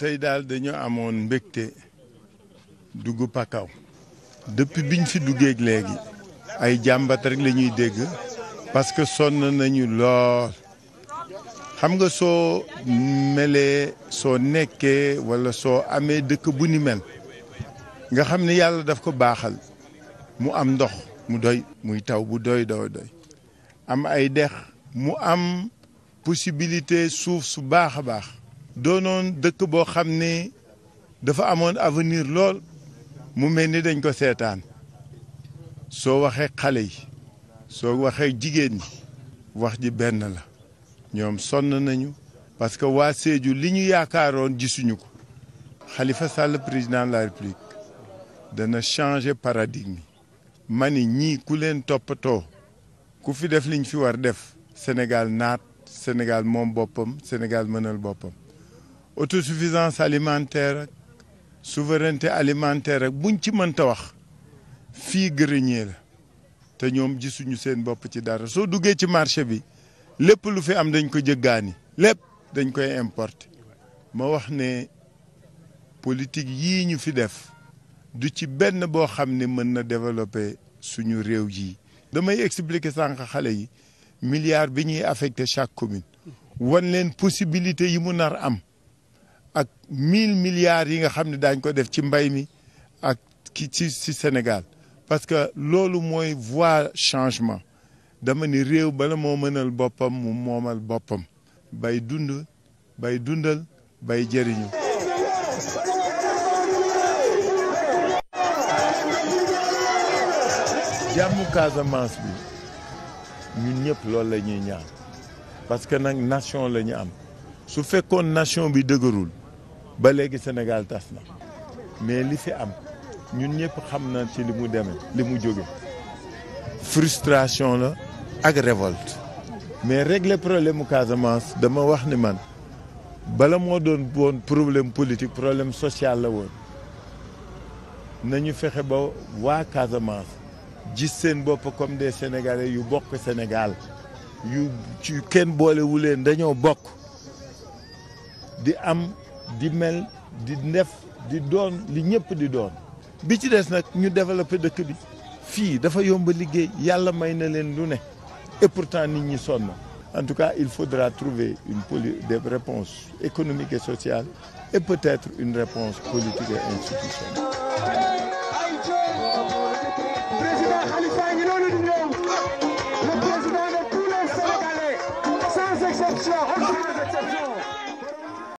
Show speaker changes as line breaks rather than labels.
tey daal dañu amoon mbégte dugg Pakao depuis biñ fi duggee léegi ay jàmbat rek la ñuy dégg parce que sonn nañu lool xam nga soo melee soo nekkee walla soo amee dëkk bu ni mel nga xam ne yàlla daf ko baaxal mu am ndox mu doy muy taw bu doy doy doy am ay dex mu am possibilité suuf su baax a baax doonoon dëkk boo xam ne dafa amoon avenir lool mu mel ni dañ ko seetaan soo waxee xale yi soo waxee jigéen ñi wax ji benn la ñoom sonn nañu parce que waa seeju li ñu yaakaaroon gisuñu ko xalifa Sall président la République dana changer paradigme ma ni ñii ku leen toppatoo ku fi def li ñu fi war def Sénégal naat Sénégal moom boppam Sénégal mënal boppam autosuffisance alimentaire ak souveraineté alimentaire ak buñ ci mënta wax fii gërëñee la te ñoom ji suñu seen bopp ci dara soo duggee ci marché bi lépp lu fi am dañ ko jëggaani lépp dañ koy importer ma wax ne politique yii ñu fi def du ci benn boo xam ne mën na développer suñu réew yi damay expliquer sànq xale yi milliard bi ñuy affecté chaque commune wan leen possibilité yi mu nar am ak mille milliards yi nga xam ne daañ ko def ci mbay mi ak ki ci ci Sénégal parce que loolu mooy voie changement dama ni réew bala moo mënal boppam mu moomal boppam bay dund bay dundal bay jëriñu jàmmu Casamance bi ñun ñëpp loolu la ñuy ñaan parce que nag nation lañu am su fekkoon nation bi dëgërul ba léegi Sénégal tas na mais li fi am ñun ñëpp xam na ci li mu deme li mu jóge frustration la ak révolte mais régler problème mu Casamance dama wax ni man bala moo doon woon problème politique problème social la woon nañu fexe ba waa Casamance gis seen bopp comme des sénégalais yu bokk Sénégal yu ci kenn boolewuleen dañoo bokk di am. di mel di def di doon li ñëpp di doon bi ci des nag ñu développé dëkk bi fii dafa yomb liggéey yàlla may na leen lu ne et pourtant nit ñi sonn en tout cas il faudra trouver une poli des réponses économiques et et peut-être une réponse politique et institutionnelle. Le